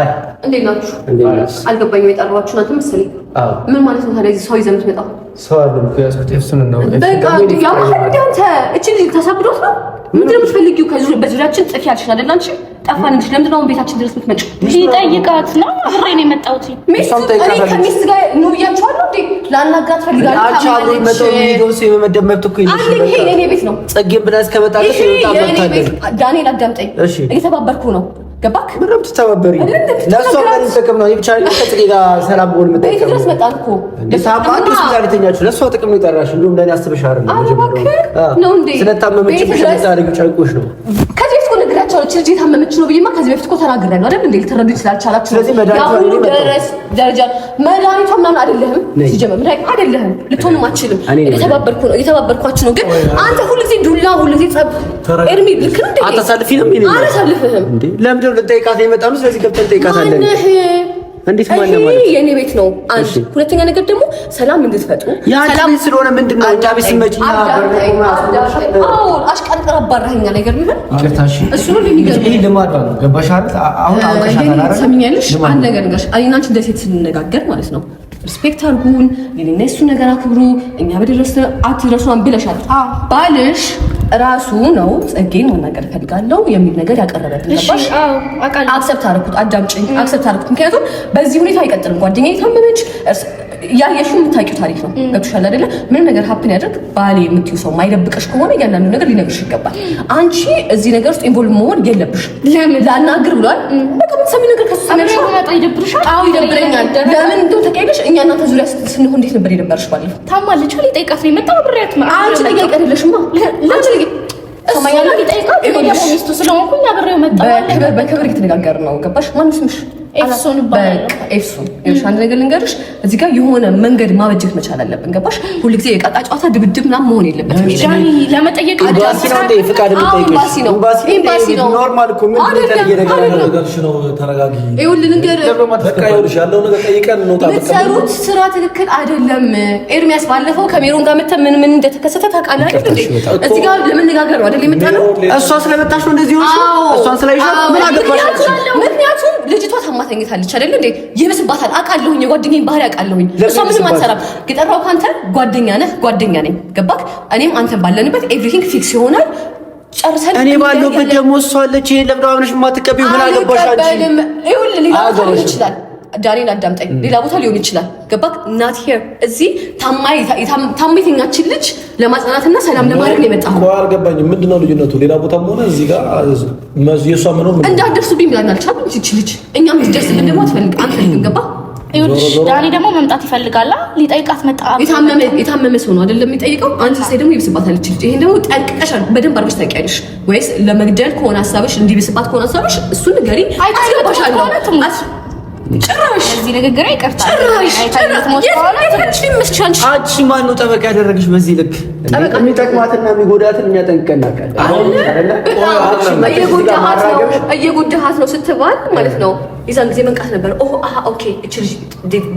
አይ እንዴት ናችሁ? አልገባኝም። የጠራኋችሁ እናንተ መሰለኝ። ምን ማለት ነው ታዲያ? ሰው ይዘህ የምትመጣው ሰው አለ ያዝኩት። እሱን ነው በቃ ተሰብዶት ነው። ምንድን ነው የምትፈልጊው? በዙሪያችን ጥፊ አልሽን አይደል? አንቺ ጠፋን እንጂ ለምንድን ነው ቤታችን ድረስ የምትመጪው? ሊጠይቃት ነው። አብሬ ነው የመጣሁት። ከሚስት ጋር ነው ብያችኋለሁ እንዴ? ላናግራት ፈልጋለሁ። አንቺ አብሮ ቤት ነው። ጸጌም ብላ እስከመጣለች ዳንኤል፣ አዳምጠኝ። እየተባበርኩ ነው ገባክ? ምንም ትተባበሪ ለእሷ ጋር ጥቅም ነው ብቻ ከጽጌ ጋር ሰላም ሆን ምጠቀም ለእሷ ጥቅም ነው የጠራሽ። እንዲሁም ለእኔ አስበሽ ነው። ስለታመመች ብቻ ነው እቺ ልጅ የታመመች ነው ብዬማ ከዚህ በፊት እኮ ተናግሬያለሁ አይደል? እንዴ ልትረዱ ይችላልቻላችሁ። ስለዚህ መድኃኒቱ ድረስ ደረጃ መድኃኒቷ ምናምን አይደለህም፣ ሲጀመር መድኃኒት አይደለህም፣ ልትሆንም አችልም። እየተባበርኩ ነው እየተባበርኳችሁ ነው። ግን አንተ ሁልጊዜ ዱላ ሁልጊዜ ጸብ፣ ኤርሚ ልክ ነው እንዴ? አታሳልፊንም? ለምንድን ነው ልጠይቃት የመጣ ነው? ስለዚህ ገብተን እንጠይቃታለን። እንዴት ማለት ነው? የኔ ቤት ነው። አንድ ሁለተኛ ነገር ደግሞ ሰላም እንድትፈጡ ሰላም ስለሆነ ምንድን ነው አጃቢ ስመጪ አሽቀንጥር አባራኸኛ ነገር ቢሆን እሱ ነው ነው። አሁን አውቀሻታል። አንድ ነገር ስንነጋገር ማለት ነው ሪስፔክት አድርጉን፣ የኔና ነገር አክብሩ፣ እኛ በደረስን አትድረሱን ብለሻል። ባልሽ ራሱ ነው ጽጌን መናገር ፈልጋለሁ የሚል ነገር ያቀረበት ገባሽ? አክሰፕት አደረኩት። አዳምጪኝ፣ አክሰፕት አደረኩት። ምክንያቱም በዚህ ሁኔታ አይቀጥልም። ጓደኛዬ ታመመች ያየሽው የምታውቂው ታሪክ ነው። ገብቶሻል አይደለ? ምንም ነገር ሀፕን ያደርግ ባሌ የምትይው ሰው ማይደብቀሽ ከሆነ እያንዳንዱ ነገር ሊነግርሽ ይገባል። አንቺ እዚህ ነገር ውስጥ ኢንቮልቭ መሆን የለብሽም። ላናግር ብሏል። በቃ ምትሰሚ ነገር ከሱ ይደብርሻል። አዎ ይደብረኛል። ለምን እንደው ተቀይለሽ እኛ እናንተ ዙሪያ ስንሆን እንዴት ነበር የደበረሽ? ባለፈው ታማለች። ሊጠይቃት ነው የመጣው ብሬያት ማለት አንቺ ጠያቂ አይደለሽማ ለአንቺ ሰማያለ ሚስቱ ስለሆንኩኝ አብሬው መጣ። በክብር የተነጋገር ነው ገባሽ? ማን ስምሽ ኤፍሶን ይባላል። ኤፍሶን ይኸውልሽ፣ አንድ ነገር ልንገርሽ፣ እዚህ ጋር የሆነ መንገድ ማበጀት መቻል አለብን። ገባሽ? ሁልጊዜ የቃጣ ጨዋታ ድብድብ ምናምን መሆን የለበትም። ለመጠየቅ የምትሰሩት ስራ ትክክል አይደለም። ኤርሚያስ ባለፈው ከሜሮን ጋር መተህ ምን ምን እንደተከሰተ ታውቃለህ አይደል? እዚህ ጋር ለመነጋገር ነው አይደል የመጣነው። እሷ ስለመጣች ነው እንደዚህ ሆነ። ምን ምክንያቱም ልጅቷ ታማ ተኝታለች አይደል እንዴ? ይብስባታል። አውቃለሁኝ፣ የጓደኛዬን ባህሪ አውቃለሁኝ። እሷ ምንም አትሰራም። የጠራው ካንተ ጓደኛ ነህ፣ ጓደኛ ነኝ። ገባክ? እኔም አንተን ባለንበት ኤቭሪቲንግ ፊክስ ይሆናል። ጨርሰን እኔ ባለሁበት ደግሞ እሷ አለች። ይሄን ለምደው አምነሽ የማትቀበይው ምን አገባሽ አንቺ? ይሁን ሌላ ይችላል ዳኔን አዳምጠኝ። ሌላ ቦታ ሊሆን ይችላል። ገባክ? ናት ሄር እዚህ ታማ ልጅ ለማጽናትና ሰላም ለማድረግ ነው የመጣ። አልገባኝም። ምንድን ነው ልዩነቱ? ሌላ ቦታ ሆነ እዚህ ጋር የእሷ መኖር እንዳትደርሱብኝ ብላን አልቻሉ ይች ልጅ እኛም ምትደርስብን ደግሞ አንፈልግም። ገባ? ዳኔ ደግሞ መምጣት ይፈልጋላ። ሊጠይቃት መጣ። የታመመ ሰው ነው አይደለም የሚጠይቀው። አንቺ ስታይ ደግሞ ይብስባታል ልጅ። ይሄን ደግሞ ጠንቅቀሻል፣ በደንብ አድርገሽ ታውቂያለሽ። ወይስ ለመግደል ከሆነ ሀሳብሽ፣ እንዲብስባት ከሆነ ሀሳብሽ እሱን ንገሪ። አይገባሻለሁ ጭራሽ አንቺ ማን ነው ጠበቃ ያደረግሽ? በዚህ ልክ የሚጠቅማትና የሚጎዳትን እየጎዳሃት ነው ስትባል ማለት ነው። የዛን ጊዜ መንቃት ነበር። እች ልጅ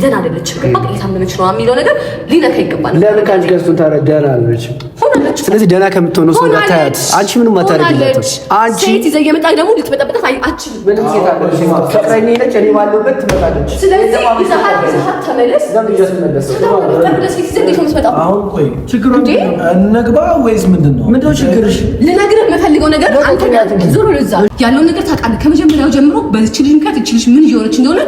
ደህና አይደለችም፣ እየታመመች ነው የሚለው ነገር ሊነካ ይገባል። ለምን ከአንቺ ገዝቶን ታዲያ ደህና አለች ትሆናለች። ስለዚህ ደህና ከምትሆነው ሰው ጋር ታያት። አንቺ ምንም አታደርግላትም። አንቺ ሴት ይዘህ እየመጣህ ደግሞ ልትበጠበጣት አትችልም። ምንም ችግርሽ? ልነግርህ የምፈልገው ነገር ዞሮ ለዛ ያለውን ነገር ታውቃለህ። ከመጀመሪያው ጀምሮ በዚች ልጅ ምክንያት እች ልጅ ምን እየሆነች እንደሆነ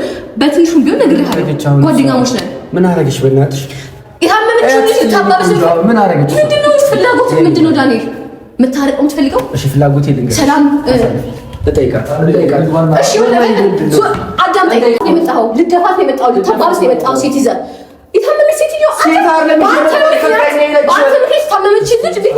በትንሹም ቢሆን ነግሬሃለሁ። ጓደኛሞች ነን። ምን አደረገች በእናትሽ? ምን አደረገች? ምንድነው ፍላጎት? ምንድነው ዳንኤል የምታረቀው የምትፈልገው? እሺ ፍላጎት ይልንገር። ሰላም ልደፋት ነው የመጣኸው፣ ልታባብስ ሴት ይዘህ የታመመች ሴትዮ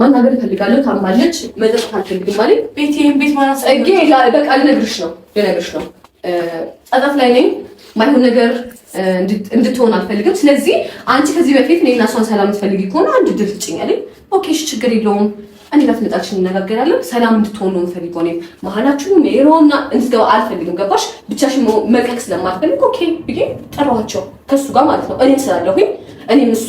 ማናገር እፈልጋለሁ፣ ታማለች፣ መጠጣት አልፈልግም ማለት ቤቴን ቤት ማናስ እጌ በቃ ልነግርሽ ነው ልነግርሽ ነው። ጸጸት ላይ ነኝ፣ ማይሆን ነገር እንድትሆን አልፈልግም። ስለዚህ አንቺ ከዚህ በፊት እኔ እና እሷን ሰላም ትፈልጊ ከሆነ አንድ ድል አለኝ። ኦኬ እሺ፣ ችግር የለውም። እኔ ጋር ትመጣልሽ፣ እንነጋገራለን። ሰላም እንድትሆን ነው የምፈልገው። እኔ መሀላችሁ ሜሮና እንድትገባ አልፈልግም። ገባሽ? ብቻሽን መልቀቅ ስለማልፈልግ ኦኬ ብዬ ጠራኋቸው፣ ከእሱ ጋር ማለት ነው። እኔም ስላለሁኝ እኔም እሱ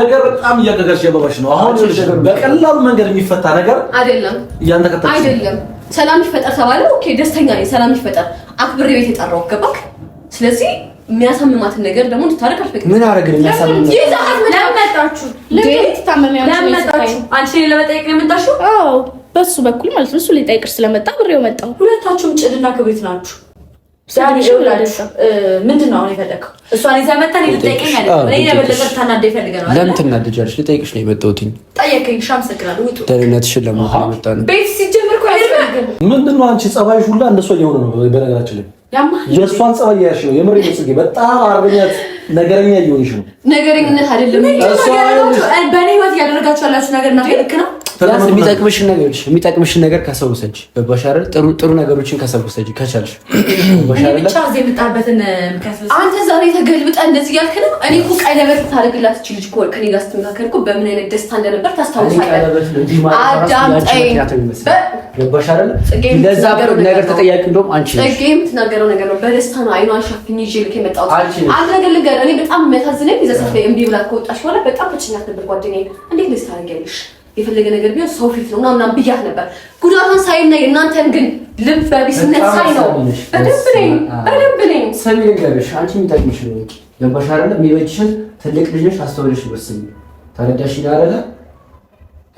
ነገር በጣም እያገጋሸበበች ነው። አሁን በቀላሉ መንገድ የሚፈታ ነገር አይደለም። እያንተከተልሽ አይደለም። ሰላም ይፈጠር ተባለ። ኦኬ ደስተኛ ነኝ። ሰላም ይፈጠር አክብሬ ቤት የጠራው ገባክ። ስለዚህ የሚያሳምማትን ነገር ደግሞ እንድታረግ አልፈቅድም። ምን አረግን? የሚያሳምም ለመጠየቅ ነው የመጣሽው? በሱ በኩል ማለት ነው። እሱ ሊጠይቅሽ ስለመጣ ብሬው መጣው። ሁለታችሁም ጭድና ክብሪት ናችሁ። ምንድን ነው የፈለግከው? እሷን ይዘህ ጠየቀኝ። እሺ አመሰግናለሁ። ውጡ። ደህንነትሽን ለማወቅ አንቺ ጸባይሽ ሁላ እንደሷ እየሆነ ነው። በነገራችን ላይ የእሷን ጸባይ ያሽ ነው የምር ጽጌ፣ በጣም አርበኛት ነገረኛ እየሆንሽ ነው። ነገረኝነት አይደለም በእኔ ህይወት እያደረጋችሁ ያላችሁ ነገር ልክ ነው የሚጠቅምሽን ነገር ከሰው ውሰጂ። በባሻረል ጥሩ ጥሩ ነገሮችን ከሰው ውሰጂ ከቻልሽ። ብቻ እዚህ የመጣበትን አንተ ዛሬ ተገልብጠ እንደዚህ ያልክ ነው። እኔ እኮ ቀለበት ታደርግላት እቺ ልጅ ከኔ ጋር ስትመካከል እኮ በምን አይነት ደስታ እንደነበር ታስታውሳለህ። ነገር ተጠያቂ እንደውም አንቺ የምትናገረው ነገር ነው። በደስታ ነው አይኗን ሸፍኝ ይዤ ልክ የመጣሁት አንድ ነገር ልንገርህ። እኔ በጣም የሚያሳዝነኝ እዛ ሰፈር እምቢ ብላ ከወጣች በኋላ በጣም ተጨናንቃ ነበር ጓደኛዬ። እንዴት ደስታ ታደርጊያለሽ? የፈለገ ነገር ቢሆን ሰው ፊት ነው ምናምን ብያት ነበር። ጉዳቷን ሳይና የእናንተን ግን ልብ በቢስነት ሳይ ነው። በደንብ ነኝ በደንብ ነኝ። ሰሚ ነገርሽ አንቺ የሚጠቅምሽ ነው እንጂ ገባሽ አይደለ? የሚበጅሽን ትልቅ ልጅሽ አስተውለሽ ወስኝ። ተረዳሽ አይደለ?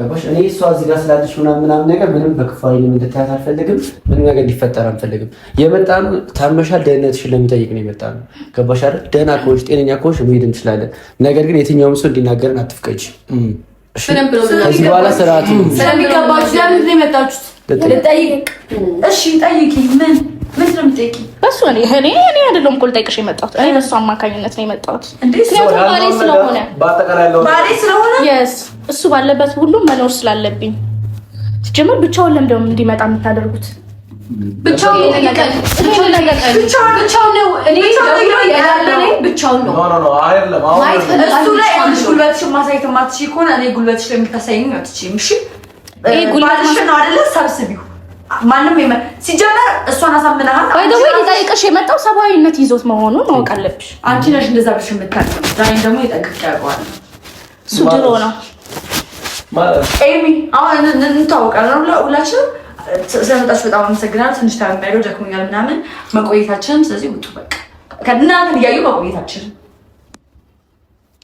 ገባሽ? እኔ እሷ እዚህ ጋር ስላለሽ ምናምን ምናምን ነገር ምንም በክፉ አይንም እንድታያት አልፈልግም። ምንም ነገር እንዲፈጠር አልፈልግም። የመጣነው ታመሻል፣ ደህንነትሽን ለሚጠይቅ ነው የመጣነው። ገባሽ አይደል? ደህና ከሆንሽ ጤነኛ ከሆንሽ መሄድ እንችላለን። ነገር ግን የትኛውም ሰው እንዲናገርን አትፍቀጅ። በኋላ ስርዓት ስለሚገባችሁ ለምን የመጣችሁት ልጠይቅ? እሺ ጠይቂ። ምን በሱ እኔ እኔ እኔ እኮ ልጠይቅሽ የመጣሁት እኔ በሱ አማካኝነት ነው የመጣሁት። ምክንያቱም ባሌ ስለሆነ ባሌ ስለሆነ እሱ ባለበት ሁሉም መኖር ስላለብኝ ሲጀምር ብቻውን እንዲመጣ የምታደርጉት ብቻውን ነው ብቻውን ነው ጉልበትሽን ማሳየት የማትችይ ከሆነ እኔ ጉልበትሽ ላይ የምታሳይኝ አትችይም። ነው አይደለ? ሰብስቢው ማንም ሲጀመር እሷን አሳምናሃል። ወይ ደግሞ ሊጠይቅሽ የመጣው ሰብአዊነት ይዞት መሆኑን ማወቅ አለብሽ። አንቺ ነሽ እንደዛ ብሽ የምታቅ ዛሬ ደግሞ የጠቅፍ ያውቀዋል። እሱ ድሮ ነው ኤሚ። አሁን እንታወቃለን ሁላችንም። ስለመጣችሁ በጣም አመሰግናለሁ። ትንሽ ታመሚያለሁ፣ ደክሞኛል ምናምን መቆየታችንም። ስለዚህ ውጡ በቃ ከእናንተን እያዩ መቆየታችንም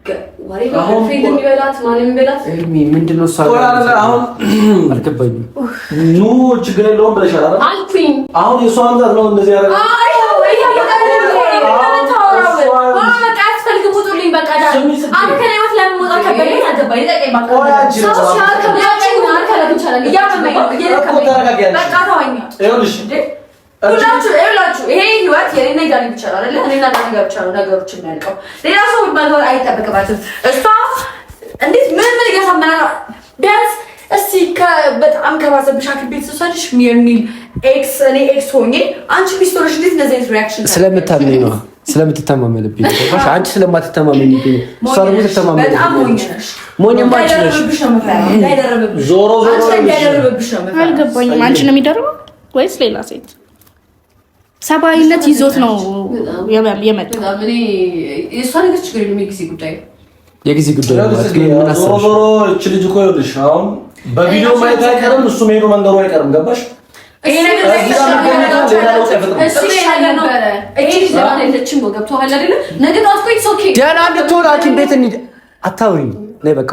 ኑ ችግር የለውም ብለሻል ነው ሁላችሁ ይኸውላችሁ ይሄ ህይወት የኔና ጋር ብቻ ነው አይደለ? እኔና ነው ነገሮች የሚያልቀው። ሌላ ሰው መኖር አይጠበቅባትም። እሷ እንዴት ምን ምን እያሳመና ቢያንስ እስቲ በጣም ከባሰብሽ ሐኪም ቤት የሚል ኤክስ እኔ ኤክስ ሆኜ አንቺ እንዴት አይነት ሪያክሽን ስለምታምኝ ነው ስለምትተማመንብኝ አንቺ ስለማትተማመንብኝ እሷ ደግሞ ዞሮ ዞሮ አልገባኝም። አንቺ ነው የሚደርበው ወይስ ሌላ ሴት? ሰብአዊነት ይዞት ነው የመጣው። የጊዜ ጉዳይ ልጅ እኮ ይኸውልሽ፣ አሁን በቪዲዮ ማየት አይቀርም፣ እሱ መሄዱ መንገሩ አይቀርም። ገባሽ? ደህና እንድትሆን ሐኪም ቤት እንሂድ። አታውሪኝ። በቃ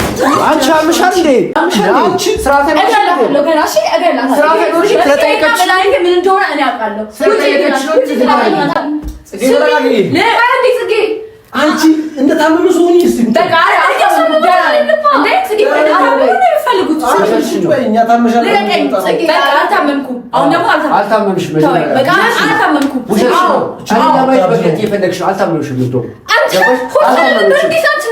አንቺ አምሻል እንዴ? አንቺ ስራተ ነው ነው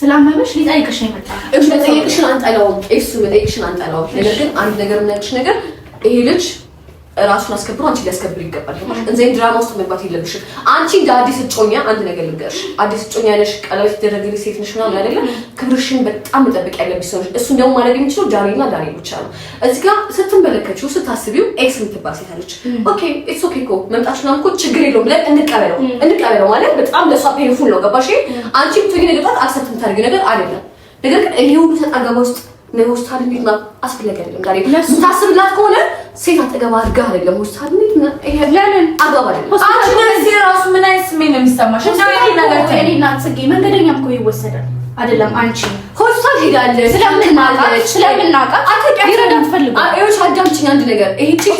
ስላመመሽ ሊጠይቅሽ ነው የመጣ እሱ መጠየቅሽን አንጠላውም። እሱ መጠየቅሽን አንጠላውም። ነገር ግን አንድ ነገር የምናቅሽ ነገር ይሄ ልጅ ራሱን አስከብሮ አንቺ ሊያስከብር ይገባል። እንዚህ ድራማ ውስጥ መግባት የለብሽም። አንቺ እንደ አዲስ እጮኛ አንድ ነገር ልንገርሽ፣ አዲስ እጮኛ ነሽ፣ ቀለበት የተደረገልሽ ሴት ነሽ ምናምን አይደለም። ክብርሽን በጣም መጠበቅ ያለብሽ ሰው ነሽ። እሱን ደግሞ ማድረግ የሚችለው ዳኔና ዳኔ ብቻ ነው። እዚህ ጋ ስትመለከችው ስታስቢው ኤክስ የምትባል ሴት አለች። ኦኬ ኢትስ ኦኬ እኮ መምጣት ናምኮ ችግር የለውም ብለን እንቀበለው። እንቀበለው ማለት በጣም ለእሷ ፔንፉል ነው። ገባሽ? አንቺ ብትሆኚ ነገጣት አክሰብት የምታደርጊው ነገር አይደለም። ነገር ግን ይሄ ሁሉ ሰጣ ውስጥ ነው ሆስፒታል ቤት ምናምን አስፈላጊ አይደለም። ዛሬ ታስብላት ከሆነ ሴት አጠገብ አድርጋ አይደለም ሆስፒታል ለምን አግባብ አይደለም። ራሱ ምን አይነት ስሜት ነው የሚሰማሽ? ጽጌ መንገደኛ እኮ ይወሰዳል አይደለም። አንቺ ሆስፒታል ሄዳለች አዳምጪኝ አንድ ነገር ይህቺ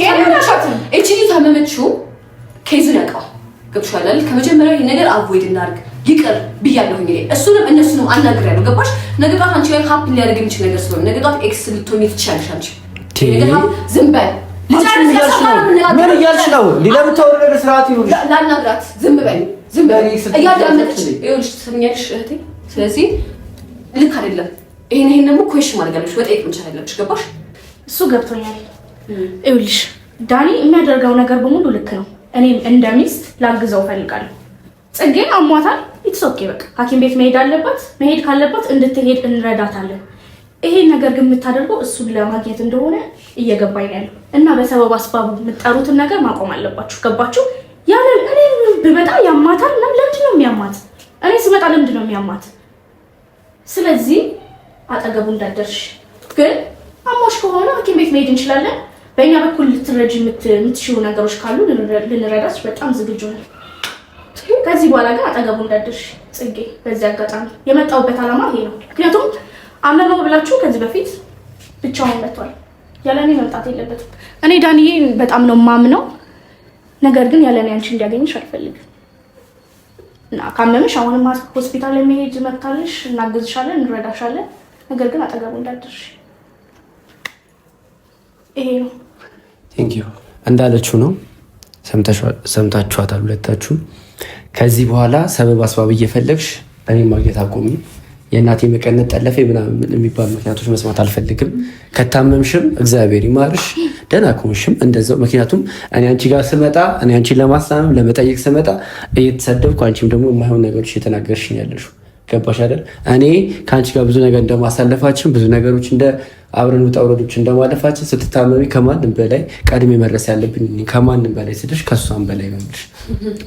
ታመመችው ገብቶሻል አይደል? ከመጀመሪያ ይህ ነገር አቮይድ እናድርግ ይቅር ብያለሁ። እንግዲህ እሱንም እነሱንም ነው ገባሽ? ነገ ጧት አንቺ ላይ ሀፕ ሊያደርግ የሚችል ነገር ስለሆነ ነገ ጧት ኤክስ ልትሆኚ ትችያለሽ። አንቺ ዝም በል ምን እያልሽ ነው? ለምታወሪ ነገር ስርዓት ይሁን። ላናግራት ዝም በል ዝም በል እያዳመጠች ይኸውልሽ፣ ትሰሚያለሽ እህቴ። ስለዚህ ልክ አይደለም። ይሄን ይሄን ደግሞ ኮሽን ማድረግ አለብሽ፣ መጠየቅ መቻል አለብሽ። ገባሽ? እሱ ገብቶኛል። ይኸውልሽ ዳኒ የሚያደርገው ነገር በሙሉ ልክ ነው። እኔም እንደ ሚስት ላግዘው እፈልጋለሁ ጽጌ አሟታል። ኢትሶኬ በቃ ሐኪም ቤት መሄድ አለባት። መሄድ ካለባት እንድትሄድ እንረዳታለን። ይሄ ነገር ግን የምታደርገው እሱን ለማግኘት እንደሆነ እየገባኝ ያለው እና በሰበብ አስባቡ የምጠሩትን ነገር ማቆም አለባችሁ። ገባችሁ? ያለ እኔ ብመጣ ያማታል ለምንድን ነው የሚያማት? እኔ ስመጣ ለምንድን ነው የሚያማት? ስለዚህ አጠገቡ እንዳደርሽ ግን አሞሽ ከሆነ ሐኪም ቤት መሄድ እንችላለን። በእኛ በኩል ልትረጅ የምትሽው ነገሮች ካሉ ልንረዳች በጣም ዝግጁ ነን። ከዚህ በኋላ ግን አጠገቡ እንዳደርሽ ጽጌ። በዚህ አጋጣሚ የመጣሁበት አላማ ይሄ ነው። ምክንያቱም አመመው ብላችሁ ከዚህ በፊት ብቻውን መጥቷል። ያለ እኔ መምጣት የለበትም። እኔ ዳንዬ በጣም ነው ማምነው፣ ነገር ግን ያለ እኔ አንቺ እንዲያገኝሽ አልፈልግም እና ካመምሽ አሁንም ሆስፒታል የመሄድ መብታለሽ። እናግዝሻለን፣ እንረዳሻለን። ነገር ግን አጠገቡ እንዳደርሽ ይሄ ነው። ቴንክ ዩ እንዳለችው ነው። ሰምታችኋታል ሁለታችሁም ከዚህ በኋላ ሰበብ አስባብ እየፈለግሽ እኔ ማግኘት አቆሚ። የእናቴ መቀነት ጠለፈ ምናምን የሚባሉ ምክንያቶች መስማት አልፈልግም። ከታመምሽም እግዚአብሔር ይማርሽ፣ ደህና ከሆንሽም እንደዛው። ምክንያቱም እኔ አንቺ ጋር ስመጣ እኔ አንቺን ለማሳመም ለመጠየቅ ስመጣ እየተሰደብኩ አንቺም ደግሞ የማይሆን ነገሮች እየተናገርሽ ነው ያለሽው ገባሽ አይደል? እኔ ከአንቺ ጋር ብዙ ነገር እንደማሳለፋችን ብዙ ነገሮች እንደ አብረን ውጣ ውረዶች እንደማለፋችን ስትታመሚ ከማንም በላይ ቀድሜ መድረስ ያለብኝ ከማንም በላይ ስልሽ ከእሷም በላይ መምልሽ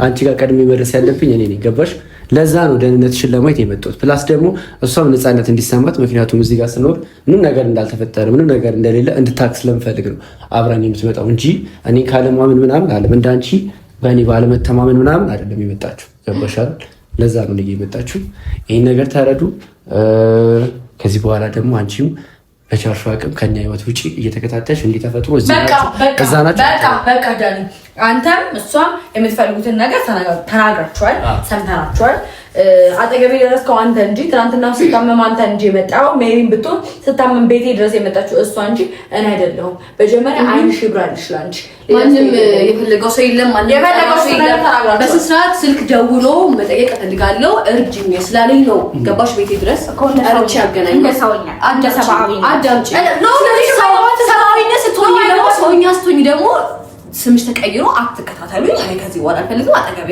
አንቺ ጋር ቀድሜ መድረስ ያለብኝ እኔ ነኝ። ገባሽ? ለዛ ነው ደህንነትሽን ለማየት የመጣሁት። ፕላስ ደግሞ እሷም ነፃነት እንዲሰማት ምክንያቱም እዚህ ጋር ስኖር ምንም ነገር እንዳልተፈጠረ ምንም ነገር እንደሌለ እንድታክ ስለምፈልግ ነው አብረን የምትመጣው እንጂ እኔ ካለማመን ምናምን አለም እንዳንቺ በእኔ ባለመተማመን ምናምን አይደለም የመጣችው። ገባሻል? ለዛ ነው ልዬ የመጣችሁ። ይህን ነገር ተረዱ። ከዚህ በኋላ ደግሞ አንቺም በቻርሹ አቅም ከኛ ህይወት ውጭ እየተከታተልሽ እንዲተፈጥሮ እዛ ናቸው። በቃ አንተም እሷም የምትፈልጉትን ነገር ተናግራችኋል፣ ሰምተናችኋል። አጠገቤ ደረስከው አንተ እንጂ ትናንትና ስታመም አንተ እንጂ የመጣው ሜሪን ብትሆን ስታመም ቤቴ ድረስ የመጣችው እሷ እንጂ እኔ አይደለሁም። በጀመሪያ ዓይንሽ ይብራልሽ ላንቺ። ማንም የፈለገው ሰው የለም፣ የፈለገው ሰው የለም። በስስራት ስልክ ደውሎ መጠየቅ እፈልጋለሁ እርጅኝ ስላለኝ ነው ገባሽ? ቤቴ ድረስ እርቺ ያገናኝ ስትሆኝ ደግሞ ሰውኛ ስትሆኝ ደግሞ ስምሽ ተቀይሮ አትከታተሉኝ። ከዚህ በኋላ አልፈልግም አጠገቤ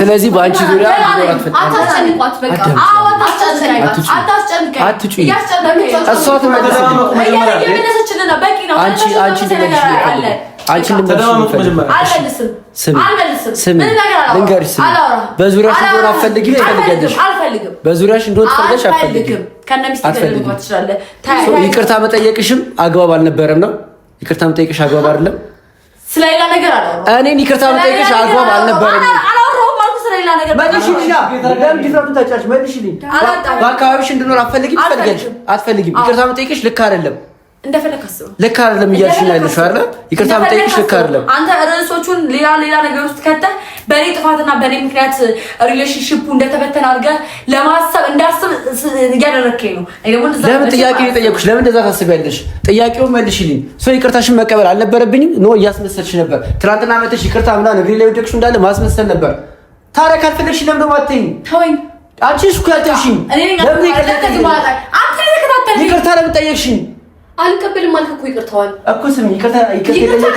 ስለዚህ በአንቺ ዙሪያ አትጩይ። እሷ በዙሪያሽ እንደሆነ አትፈልጊም፣ ትፈልጊያለሽ። በዙሪያሽ እንደሆነ ትፈልጊያለሽ፣ አትፈልጊም። ይቅርታ መጠየቅሽም አግባብ አልነበረም ነው። ይቅርታ መጠየቅሽ አግባብ አይደለም። ስለሌላ ነገር አላወራሁም። እኔን ይቅርታ መጠየቅሽ አግባብ አልነበረም። አላወራሁም አልኩ። ስለሌላ ነገር መልሽልኝ፣ በአካባቢሽ እንድኖር አትፈልጊም፣ ይቅርታ መጠየቅሽ ልክ አይደለም። እንደፈለክ አስበው። ልክ አይደለም እያልሽኝ ያለሽው አለ ይቅርታ ብጠይቅሽ ልክ አይደለም። አንተ ርዕሶቹን ሌላ ሌላ ነገር ውስጥ ከተ በእኔ ጥፋትና በእኔ ምክንያት ሪሌሽንሽፑ እንደተበተን አድርገህ ለማሰብ እንዳስብ እያደረግከኝ ነው። ለምን ጥያቄ የጠየኩሽ? ለምን እንደዛ ታስቢያለሽ? ጥያቄውን መልሽልኝ። ሰው ይቅርታሽን መቀበል አልነበረብኝም። ኖ እያስመሰልሽ ነበር። ትናንትና መተሽ ይቅርታ ምና እግሬ ላይ ወደቅሽ እንዳለ ማስመሰል ነበር። ታዲያ ካልፈለግሽ ለምን ማትኝ ተወኝ። አንቺ እሱ ያልተሽኝ ለምን ይቅርታ ለምን ጠየቅሽኝ? አልቀበልም አልክ እኮ ይቅርታዋል እኮ ስም ይቅርታ ይቅርታ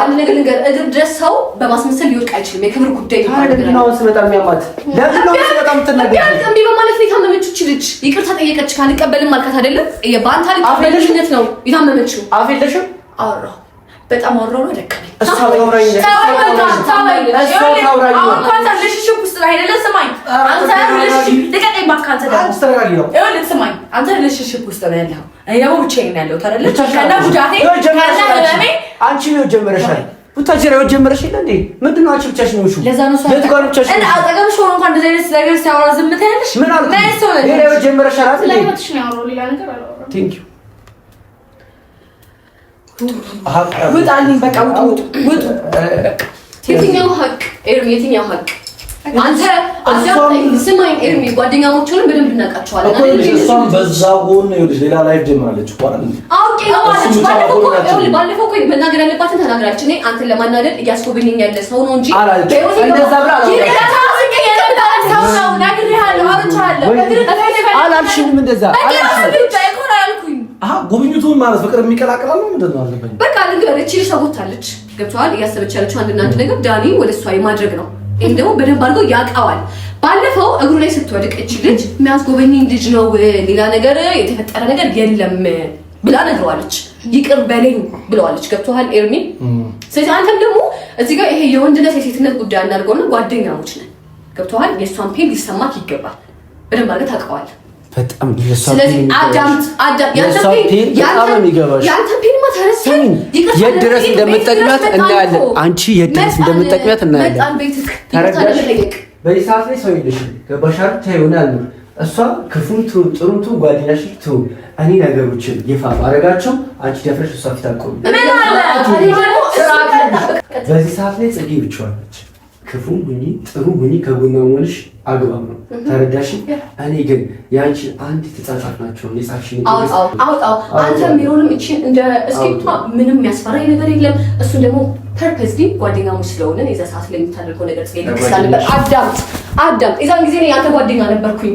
አንድ ነገር ልንገርህ፣ እግር ድረስ ሰው በማስመሰል ሊወድቅ አይችልም። የክብር ጉዳይ ነው። ታዲያ ለምን ስመጣ የሚያማት ለምን በማለት ነው የታመመችው ልጅ። ይቅርታ ጠየቀች። ካልቀበልም አልካት አይደለም። በአንተ ልጅነት ነው የታመመችው። አፍ የለሽም አወራሁ በጣም ወረው ደከመኝ። እሷ ታውራኝ ውጣልኝ በቃ ውጡ ውጡ። የትኛው ሀቅ ኤርሚ? የትኛው ሀቅ አንተ? ስማኝ ኤርሚ፣ ጓደኛሞቹንም በደንብ እናውቃቸዋለን። እሷም በዛ ጎን ሌላ ላይ ጀምራለች። ባለፈው እኮ መናገር ያለባትን ተናግራለች። እኔ አንተን ለማናደድ እያስጎበኘኝ ያለ ሰው ነው እንጂ አላልሽንም እንደዛ አሀ ማለት ፍቅር የሚቀላቀላል ነው። ምንድን ነው በቃ እቺ ልጅ ገብቶሃል? እያሰበች ያለችው አንድና አንድ ነገር ዳኒ ወደ እሷ የማድረግ ነው። ይህም ደግሞ በደንብ አድርገው ያውቀዋል። ባለፈው እግሩ ላይ ስትወድቅ እቺ ልጅ የሚያስጎበኘኝ ልጅ ነው፣ ሌላ ነገር የተፈጠረ ነገር የለም ብላ ነግረዋለች። ይቅር በለኝ ብለዋለች። ገብቶሃል ኤርሚ? ስለዚህ አንተም ደግሞ እዚህ ጋር ይሄ የወንድነት የሴትነት ጉዳይ እናድርገውና ጓደኛሞች ነን። ገብቶሃል? የእሷን ፔን ሊሰማት ይገባል። በደንብ አድርገህ ታውቀዋለህ። በጣም የት ድረስ እንደምጠቅሚያት እናያለን። አንቺ የድረስ ድረስ እንደምጠቅሚያት እናያለን። በዚህ ሰዓት እሷ ትሁን ጓደኛሽ ትሁን፣ እኔ ነገሮችን ይፋ ባረጋቸው አንቺ ደፍረሽ እሷ ፊት አቆሚ። በዚህ ሰዓት ላይ ጽጌ ብቻዋለች። ክፉ ሁኚ ጥሩ ሁኚ ከጎኗ መሆንሽ አግባብ ነው። ተረዳሽ? እኔ ግን የአንቺ አንድ ተጻጻፍ ናቸው የጻፍሽ አውጣው አውጣው። አንተም ቢሆንም እቺ እንደ እስክሪፕቷ ምንም ያስፈራኝ ነገር የለም። እሱ ደግሞ ፐርፐዝ ግን ጓደኛሞች ስለሆነ የዛ ሰዓት ላይ የምታደርገው ነገር ስለሌለ አዳምጥ አዳምጥ። የዛን ጊዜ እኔ ያንተ ጓደኛ ነበርኩኝ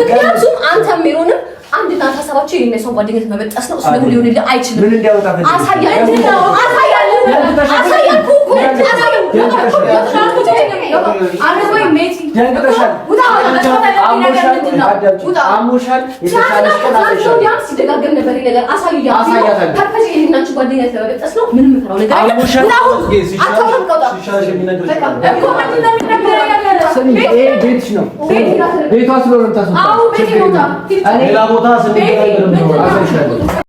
ምክንያቱም አንተ የሚሆንም አንድ እናት ሀሳባቸው የእኔን ሰው ጓደኝነት መበጠስ ነው። እሱ ደግሞ ሊሆንልህ አይችልም። ምን እንዲያወጣ አሳያለሁ ቤቷ ስለሆነ ሌላ ቦታ